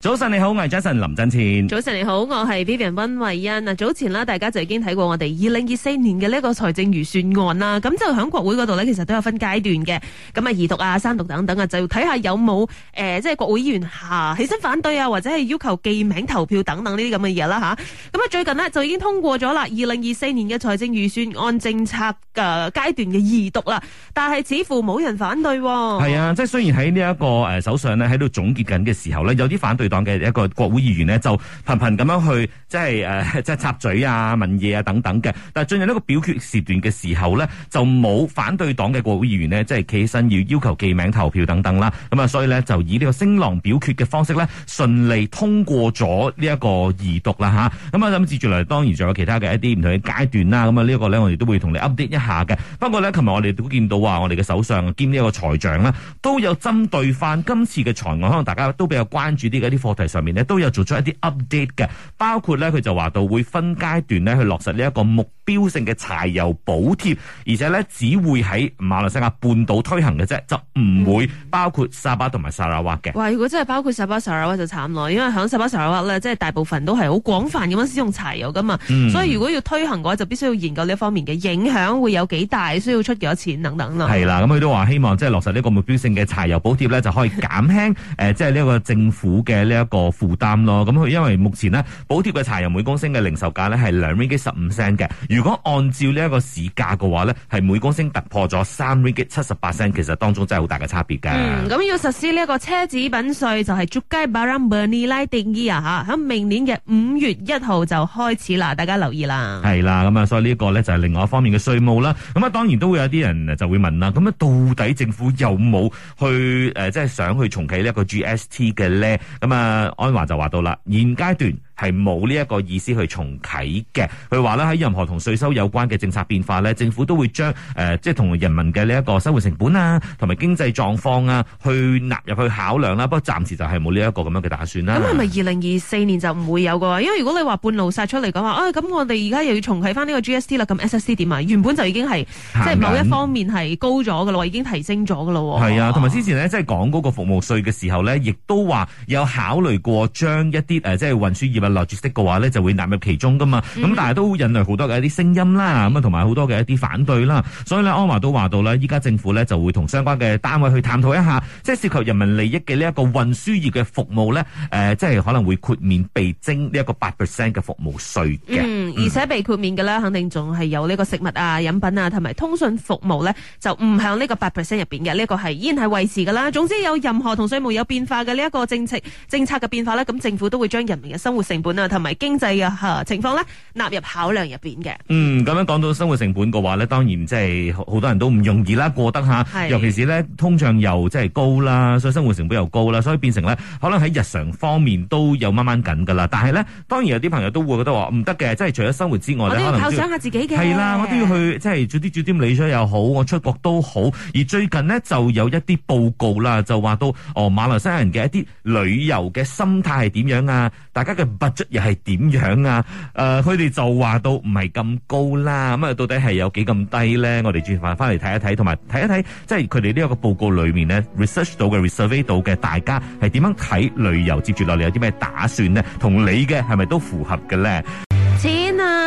早晨你好，我係 Jason 林振前，早晨你好，我係 B B 人溫慧欣。嗱，早前啦，大家就已經睇過我哋二零二四年嘅呢一個財政預算案啦。咁就喺國會嗰度呢，其實都有分階段嘅。咁啊，二讀啊、三讀等等啊，就睇下有冇誒，即、呃、係、就是、國會議員下起身反對啊，或者係要求記名投票等等呢啲咁嘅嘢啦吓。咁啊，最近呢，就已經通過咗啦，二零二四年嘅財政預算案政策嘅階段嘅二讀啦。但係似乎冇人反對。哦。係啊，即係雖然喺呢一個誒，首相喺度總結緊嘅時候呢，有啲反對。黨嘅一個國會議員呢，就頻頻咁樣去即係誒，即、就、係、是呃就是、插嘴啊、問嘢啊等等嘅。但係進入呢個表決時段嘅時候呢，就冇反對黨嘅國會議員呢，即係企身要要求記名投票等等啦。咁、嗯、啊，所以呢，就以呢個聲浪表決嘅方式呢，順利通過咗呢一個議讀啦吓。咁、嗯、啊，咁接住嚟，當然仲有其他嘅一啲唔同嘅階段啦。咁、嗯、啊，這個、呢一個咧，我哋都會同你 update 一下嘅。不過呢，琴日，我哋都見到話，我哋嘅首相兼呢一個財長啦，都有針對翻今次嘅財案，可能大家都比較關注啲嘅啲。課題上面咧都有做出一啲 update 嘅，包括咧佢就話到會分階段咧去落實呢一個目標性嘅柴油補貼，而且咧只會喺馬來西亞半島推行嘅啫，就唔會包括沙巴同埋砂拉越嘅。哇、嗯！如果真係包括沙巴、砂拉越就慘咯，因為響沙巴、砂拉越咧，即係大部分都係好廣泛咁樣使用柴油噶嘛，嗯、所以如果要推行嘅話，就必須要研究呢方面嘅影響會有幾大，需要出幾多錢等等咯。係啦，咁佢都話希望即係落實呢個目標性嘅柴油補貼咧，就可以減輕誒即係呢一個政府嘅。呢一個負擔咯，咁佢因為目前呢，補貼嘅柴油每公升嘅零售價呢係兩 ringgit 十五 cent 嘅，15, 如果按照呢一個市價嘅話呢，係每公升突破咗三 ringgit 七十八 cent，其實當中真係好大嘅差別㗎。咁、嗯、要實施呢一個奢侈品稅就係捉雞把人俾尼拉定爾吓，喺明年嘅五月一號就開始啦，大家留意啦。係啦，咁啊，所以呢個呢就係另外一方面嘅稅務啦。咁啊，當然都會有啲人就會問啦，咁啊，到底政府有冇去誒，即、呃、係想去重啟呢一個 GST 嘅呢？」咁啊？誒，啊，安華就話到啦，現階段。係冇呢一個意思去重啟嘅。佢話咧喺任何同稅收有關嘅政策變化咧，政府都會將誒、呃、即係同人民嘅呢一個生活成本啊，同埋經濟狀況啊，去納入去考量啦、啊。不過暫時就係冇呢一個咁樣嘅打算啦、啊。咁係咪二零二四年就唔會有嘅？因為如果你話半路殺出嚟講話，啊、哎、咁我哋而家又要重啟翻呢個 GST 啦，咁 SST 點啊？原本就已經係走 即係某一方面係高咗喇咯，已經提升咗嘅咯。係啊，同埋之前呢，即係講嗰個服務稅嘅時候呢，亦都話有考慮過將一啲即係運輸業 Logistics 嘅話呢，就會納入其中噶嘛。咁、嗯、但係都引嚟好多嘅一啲聲音啦，咁啊同埋好多嘅一啲反對啦。所以呢，安華都話到呢，依家政府呢，就會同相關嘅單位去探討一下，即係涉及人民利益嘅呢一個運輸業嘅服務呢，誒、呃，即係可能會豁免被徵呢一個八 percent 嘅服務稅嘅、嗯。而且被豁免嘅咧，肯定仲係有呢個食物啊、飲品啊，同埋通訊服務呢，就唔向呢個八 percent 入邊嘅。呢一個係依然係維持㗎啦。總之有任何同稅務有變化嘅呢一個政策政策嘅變化呢，咁政府都會將人民嘅生活成本啊，同埋經濟啊，情況咧，納入考量入邊嘅。嗯，咁樣講到生活成本嘅話咧，當然即係好多人都唔容易啦，過得吓，是尤其是咧，通脹又即係高啦，所以生活成本又高啦，所以變成咧，可能喺日常方面都有掹掹緊噶啦。但係咧，當然有啲朋友都會覺得話唔得嘅，即係除咗生活之外，咧，我都要犒賞下自己嘅。係啦，我都要去即係做啲做啲理想又好，我出國都好。而最近咧就有一啲報告啦，就話到哦馬來西亞人嘅一啲旅遊嘅心態係點樣啊？大家嘅。質又係點樣啊？誒，佢哋就話到唔係咁高啦，咁啊到底係有幾咁低咧？我哋轉翻翻嚟睇一睇，同埋睇一睇，即係佢哋呢一個報告裏面咧 research 到嘅、research 到嘅，大家係點樣睇旅遊？接住落嚟有啲咩打算咧？同你嘅係咪都符合嘅咧？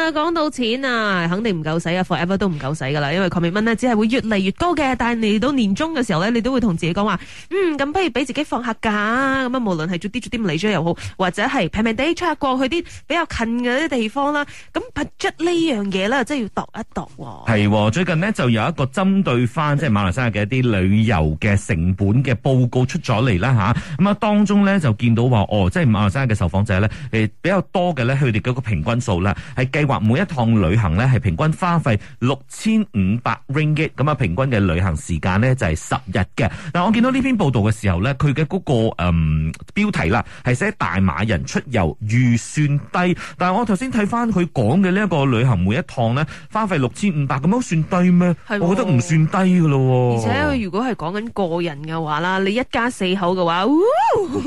講到錢啊，肯定唔夠使啊，forever 都唔夠使噶啦，因為 commitment 呢，只係會越嚟越高嘅。但係嚟到年終嘅時候咧，你都會同自己講話，嗯，咁不如俾自己放下假咁啊，無論係啲做啲理嘢又好，或者係平平地出下過去啲比較近嘅啲地方啦。咁 budget 呢樣嘢咧，即係要度一度哦。係哦，最近呢就有一個針對翻即係馬來西亞嘅一啲旅遊嘅成本嘅報告出咗嚟啦吓。咁啊當中咧就見到話，哦，即係馬來西亞嘅受訪者咧，比較多嘅咧，佢哋嗰個平均數咧係計。每一趟旅行咧，係平均花費六千五百 ringgit，咁啊，平均嘅旅行時間咧就係十日嘅。但我見到呢篇報道嘅時候咧，佢嘅嗰個嗯標題啦，係寫大馬人出遊預算低。但係我頭先睇翻佢講嘅呢一個旅行每一趟咧，花費六千五百，咁樣算低咩？的我覺得唔算低噶咯。而且佢如果係講緊個人嘅話啦，你一家四口嘅話，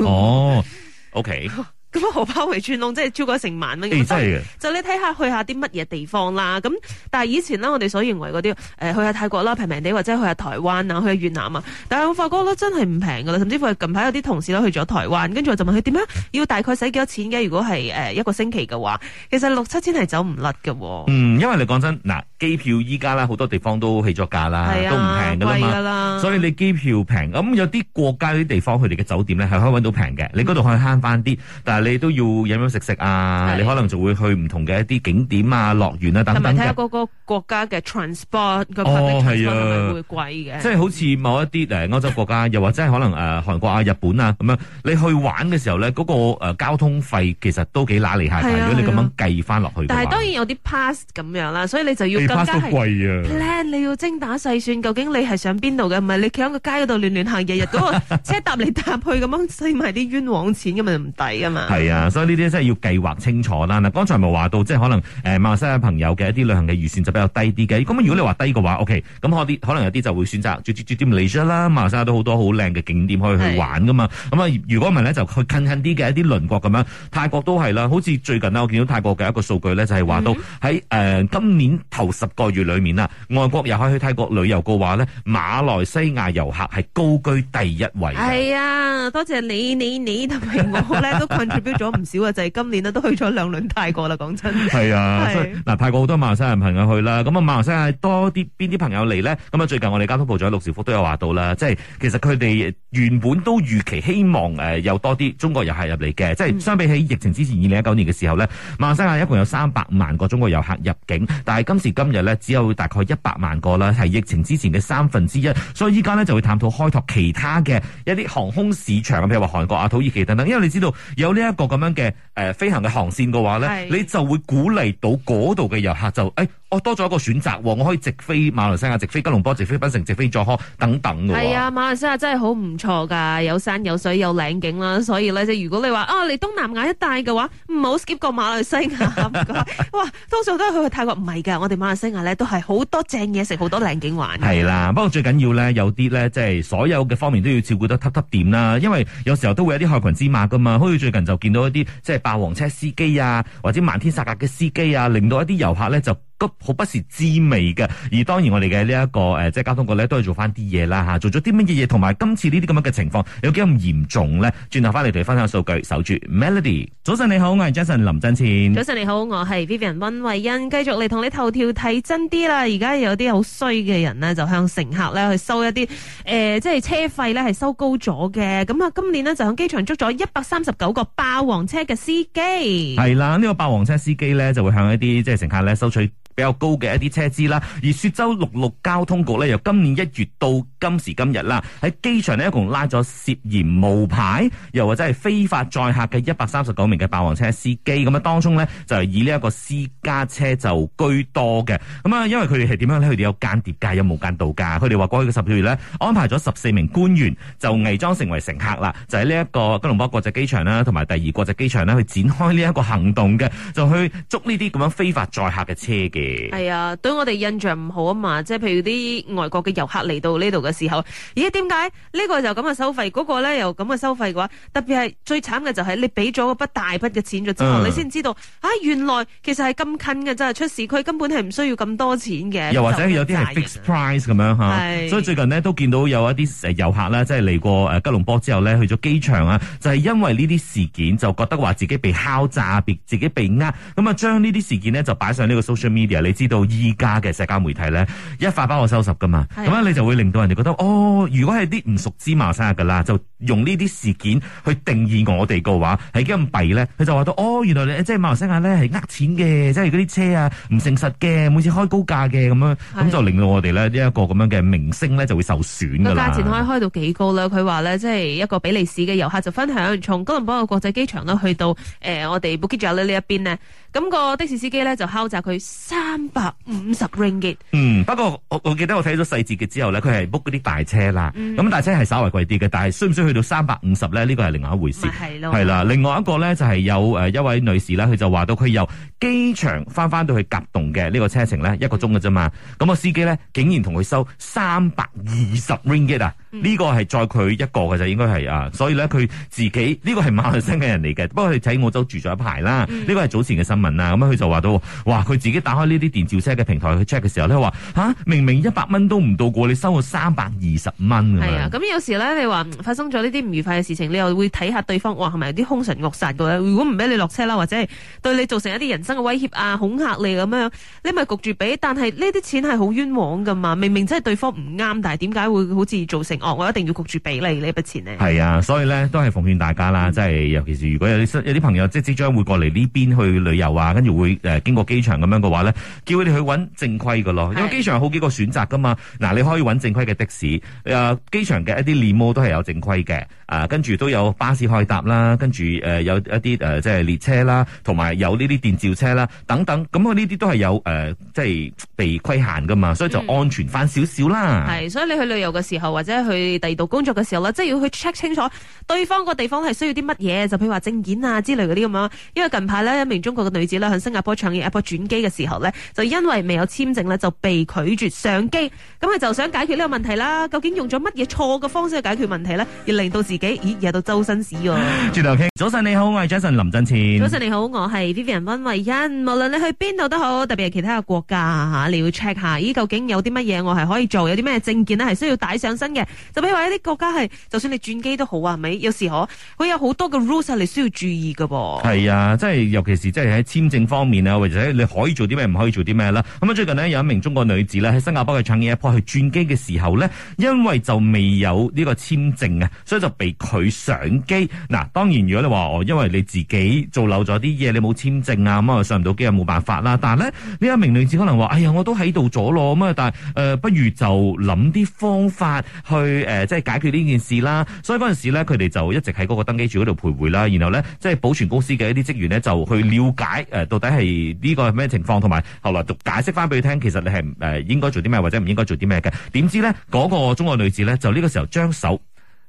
哦，OK。 咁啊，荷包穿窿，即係超過成萬蚊。咁真係，就你睇下去下啲乜嘢地方啦。咁但係以前咧，我哋所認為嗰啲誒，去下泰國啦，平平地或者去下台灣啊，去下越南啊。但係我發覺咧，真係唔平噶啦。甚至乎近排有啲同事都去咗台灣，跟住我就問佢點樣，要大概使幾多錢嘅？如果係誒一個星期嘅話，其實六七千係走唔甩嘅。嗯，因為你講真嗱。機票依家啦，好多地方都起咗價啦，都唔平噶啦嘛。所以你機票平，咁有啲國家啲地方，佢哋嘅酒店咧係可以揾到平嘅。你嗰度可以慳翻啲，但係你都要飲飲食食啊。你可能就會去唔同嘅一啲景點啊、樂園啊等等。同埋睇下嗰個國家嘅 transport 嘅發達情況，係會貴嘅。即係好似某一啲誒歐洲國家，又或者係可能誒韓國啊、日本啊咁樣，你去玩嘅時候咧，嗰個誒交通費其實都幾揦脷下。如果你咁樣計翻落去，但係當然有啲 pass 咁樣啦，所以你就要。花費啊！plan 你要精打細算，究竟你係上邊度嘅？唔係你企喺個街嗰度亂亂行，日日嗰個車搭嚟搭去咁 樣，使埋啲冤枉錢，咁咪唔抵啊嘛！係啊，所以呢啲真係要計劃清楚啦。嗱，剛才咪話到，即係可能誒馬來西亞朋友嘅一啲旅行嘅預算就比較低啲嘅。咁、嗯、如果你低話低嘅話，OK，咁可可能有啲就會選擇住住住啲旅社啦。馬來西亞都好多好靚嘅景點可以去玩噶嘛。咁啊、嗯，如果唔係咧，就去近近啲嘅一啲鄰國咁樣。泰國都係啦，好似最近我見到泰國嘅一個數據咧，就係話到喺誒今年頭，十個月裏面啊，外國遊客去泰國旅遊嘅話呢，馬來西亞遊客係高居第一位。係啊，多謝你你你，同埋我咧 都困住標咗唔少、就是、啊！就係今年咧都去咗兩輪泰國啦，講真。係啊，嗱，泰國好多馬來西亞朋友去啦。咁啊，馬來西亞多啲邊啲朋友嚟呢？咁啊，最近我哋交通部長陸兆福都有話到啦，即係其實佢哋原本都預期希望誒有多啲中國遊客入嚟嘅，嗯、即係相比起疫情之前二零一九年嘅時候呢，馬來西亞一共有三百萬個中國遊客入境，但係今時今今日咧只有大概一百萬個啦，係疫情之前嘅三分之一，所以依家咧就會探討開拓其他嘅一啲航空市場，譬如話韓國、啊、土耳其等等，因為你知道有呢一個咁樣嘅誒、呃、飛行嘅航線嘅話咧，是你就會鼓勵到嗰度嘅遊客就誒。哎多咗一個選擇，我可以直飛馬來西亞、直飛吉隆坡、直飛檳城、直飛佐康等等噶。係啊，馬來西亞真係好唔錯噶，有山有水有靚景啦。所以咧，即係如果你話啊嚟東南亞一帶嘅話，唔好 skip 過馬來西亞。 不哇，通常都係去，去泰國唔係噶，我哋馬來西亞咧都係好多正嘢食，好多靚景玩。係啦、啊，不過最緊要咧，有啲咧即係所有嘅方面都要照顧得凸凸掂啦。因為有時候都會有啲害群之馬噶嘛。好似最近就見到一啲即係霸王車司機啊，或者漫天撒價嘅司機啊，令到一啲遊客咧就。個好不是滋味嘅，而當然我哋嘅呢一個誒，即係交通局咧，都係做翻啲嘢啦吓，做咗啲乜嘢嘢，同埋今次呢啲咁樣嘅情況有幾咁嚴重咧？轉頭翻嚟同你分享數據，守住 Melody。早晨你好，我係 Jason 林振前。早晨你好，我係 Vivian 溫慧欣。繼續嚟同你頭條睇真啲啦，而家有啲好衰嘅人呢，就向乘客咧去收一啲誒、呃，即係車費咧係收高咗嘅。咁啊，今年呢，就喺機場捉咗一百三十九個霸王車嘅司機。係啦，呢、這個霸王車司機咧就會向一啲即係乘客咧收取。比較高嘅一啲車資啦，而雪州陸路交通局呢，由今年一月到今時今日啦，喺機場呢，一共拉咗涉嫌無牌又或者係非法載客嘅一百三十九名嘅霸王車司機，咁啊當中呢，就係以呢一個私家車就居多嘅。咁啊，因為佢哋係點樣呢？佢哋有間諜架，有冇間道架？佢哋話過去嘅十四個月呢，安排咗十四名官員就偽裝成為乘客啦，就喺呢一個吉隆坡國際機場啦，同埋第二國際機場呢，去展開呢一個行動嘅，就去捉呢啲咁樣非法載客嘅車嘅。係啊，對我哋印象唔好啊嘛，即係譬如啲外國嘅遊客嚟到呢度嘅時候，咦？點解呢個就咁嘅收費，嗰個咧又咁嘅收費嘅話？特別係最慘嘅就係你俾咗一筆大筆嘅錢咗之後，嗯、你先知道啊，原來其實係咁近嘅，真係出市區根本係唔需要咁多錢嘅。又或者有啲係 fixed price 咁樣吓，是所以最近呢，都見到有一啲遊客啦，即係嚟過誒吉隆坡之後咧去咗機場啊，就係因為呢啲事件就覺得話自己被敲詐，別自己被呃，咁啊將呢啲事件呢，就擺上呢個 social media。你知道依家嘅社交媒體咧，一發包我收拾噶嘛？咁的樣，你就會令到人哋覺得，哦，如果係啲唔熟芝麻生噶啦，就。用呢啲事件去定義我哋嘅話係幾咁弊咧？佢就話到哦，原來你即係馬來西亞咧係呃錢嘅，即係嗰啲車啊唔誠實嘅，每次開高價嘅咁樣，咁的就令到我哋呢呢一、這個咁樣嘅名聲咧就會受損㗎啦。個價錢可以開到幾高啦？佢話咧即係一個比利時嘅遊客就分享，從吉隆坡嘅國際機場呢去到誒、呃、我哋布吉角咧呢一邊呢。咁、那個的士司機咧就敲詐佢三百五十 ringgit。嗯，不過我我記得我睇咗細節嘅之後呢，佢係 book 嗰啲大車啦，咁、嗯、大車係稍為貴啲嘅，但係需唔需要到三百五十咧，呢個係另外一回事。係啦，另外一個咧就係、係、有誒一位女士啦，佢就話到佢由機場翻翻到去甲洞嘅呢個車程咧，嗯、一個鐘嘅啫嘛。咁、個司機咧竟然同佢收三百二十 ringgit 啊！呢個係再佢一個嘅就應該係啊，所以咧佢自己呢、這個係馬來西亞人嚟嘅，不過佢喺澳洲住咗一排啦。呢、這個係早前嘅新聞啦，咁佢就話到，哇！佢自己打開呢啲電召車嘅平台去 check 嘅時候咧，話嚇、啊、明明一百蚊都唔到過，你收我三百二十蚊㗎。係啊，咁有時咧你話發生咗呢啲唔愉快嘅事情，你又會睇下對方，哇係咪有啲兇神惡煞到咧？如果唔俾你落車啦，或者係對你造成一啲人生嘅威脅啊、恐嚇你咁樣，你咪焗住俾。但係呢啲錢係好冤枉㗎嘛，明明真係對方唔啱，但係點解會好似造成？哦，我一定要焗住俾你呢一筆錢咧。係啊，所以咧都係奉勸大家啦，即係、嗯、尤其是如果有啲有啲朋友即係即將會過嚟呢邊去旅遊啊，跟住會誒、呃、經過機場咁樣嘅話咧，叫佢哋去揾正規㗎咯。是因為機場有好幾個選擇噶嘛，嗱你可以揾正規嘅的、的士，誒、呃、機場嘅一啲 l 摩都係有正規嘅，啊跟住都有巴士開搭啦，跟住誒有一啲誒、呃、即係列車啦，同埋有呢啲電召車啦等等。咁呢啲都係有誒、呃、即係被規限噶嘛，所以就安全翻少少啦。係、嗯，所以你去旅遊嘅時候或者去。去第二度工作嘅時候呢，即係要去 check 清楚對方個地方係需要啲乜嘢，就譬如話證件啊之類嗰啲咁樣。因為近排呢，一名中國嘅女子呢，喺新加坡樟宜機場轉機嘅時候呢，就因為未有簽證呢，就被拒絕上機。咁佢就想解決呢個問題啦。究竟用咗乜嘢錯嘅方式去解決問題呢，而令到自己咦惹到周身屎喎、啊？轉頭 OK，早晨你好，我係 Jason 林振慈。早晨你好，我係 Vivian 温慧欣。無論你去邊度都好，特別係其他嘅國家吓，你要 check 下咦究竟有啲乜嘢我係可以做，有啲咩證件呢係需要帶上身嘅。就比如話一啲國家係，就算你轉機都好啊，係咪？有時可佢有好多嘅 rules 你需要注意㗎噃。係啊，即係尤其是即係喺簽證方面啊，或者你可以做啲咩，唔可以做啲咩啦。咁、嗯、啊，最近呢，有一名中國女子咧喺新加坡嘅樟宜機場去轉機嘅時候咧，因為就未有呢個簽證啊，所以就被拒上機。嗱，當然如果你話我因為你自己做漏咗啲嘢，你冇簽證啊，咁啊上唔到機啊，冇辦法啦。但係咧呢一名女子可能話，哎呀，我都喺度咗囉咁啊，但係誒、呃、不如就諗啲方法去。去誒，即係解決呢件事啦，所以嗰陣時咧，佢哋就一直喺嗰個登記處嗰度徘徊啦。然後咧，即係保存公司嘅一啲職員咧，就去了解誒，到底係呢個係咩情況，同埋後來解釋翻俾佢聽，其實你係誒應該做啲咩或者唔應該做啲咩嘅。點知咧，嗰個中國女子咧，就呢個時候將手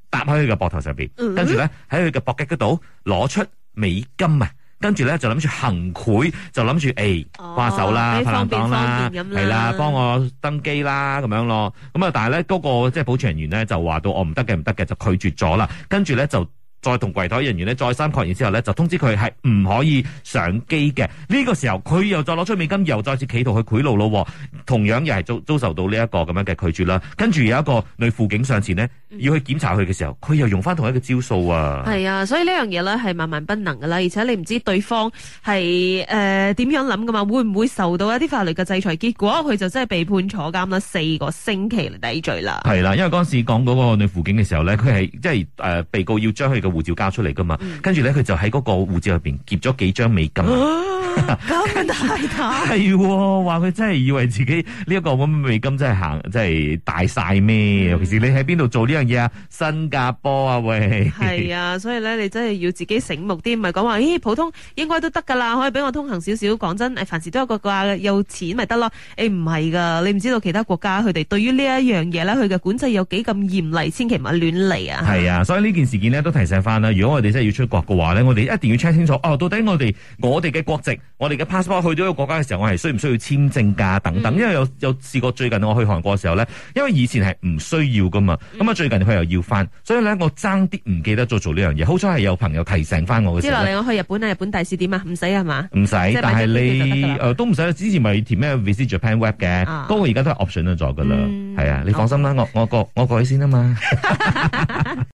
搭喺佢嘅膊頭上邊，嗯、跟住咧喺佢嘅膊擊嗰度攞出美金啊！跟住咧就諗住行賄，就諗住誒，花手啦，哦、拍硬檔啦，係啦，幫我登機啦，咁樣咯。咁啊，但係咧嗰個即係、就是、保險人員咧就話到，我唔得嘅，唔得嘅，就拒絕咗啦。跟住咧就。再同櫃台人員呢，再三確認之後呢，就通知佢係唔可以上機嘅。呢個時候佢又再攞出美金，又再次企圖去賄賂咯。同樣又係遭遭受到呢一個咁樣嘅拒絕啦。跟住有一個女輔警上前呢，要去檢查佢嘅時候，佢又用返同一個招數啊。係啊，所以呢樣嘢，呢係萬萬不能噶啦。而且你唔知對方係誒點樣諗噶嘛？會唔會受到一啲法律嘅制裁？結果佢就真係被判坐監啦，四個星期嚟抵罪啦。係啦、啊，因為嗰陣時講嗰個女輔警嘅時候呢，佢係即係誒被告要將佢嘅。護照交出嚟噶嘛？跟住咧，佢就喺嗰個護照入邊夾咗幾張美金。咁大膽係，話佢真係以為自己呢一個咁美金真係行真係大晒咩？尤其是你喺邊度做呢樣嘢啊？新加坡啊，喂。係啊，所以咧，你真係要自己醒目啲，唔係講話咦，普通應該都得噶啦，可以俾我通行少少。講真，誒，凡事都有個價，有錢咪得咯。誒，唔係噶，你唔知道其他國家佢哋對於呢一樣嘢咧，佢嘅管制有幾咁嚴厲，千祈唔好亂嚟啊。係啊，所以呢件事件咧都提醒。翻啦！如果我哋真係要出國嘅話咧，我哋一定要 check 清楚哦。到底我哋我哋嘅國籍、我哋嘅 passport 去到一個國家嘅時候，我係需唔需要簽證噶？等等，嗯、因為有有試過最近我去韓國嘅時候咧，因為以前係唔需要噶嘛。咁啊，最近佢又要翻，所以咧我爭啲唔記得再做呢樣嘢。好彩係有朋友提醒翻我嘅。之後嚟，我去日本日本大使點啊，唔使係嘛？唔使用，但係你誒、呃、都唔使。之前咪填咩 Visit Japan Web 嘅，不過而家都係 option 咗噶啦。係、嗯、啊，你放心啦 okay.，我我過去我過去先啊嘛。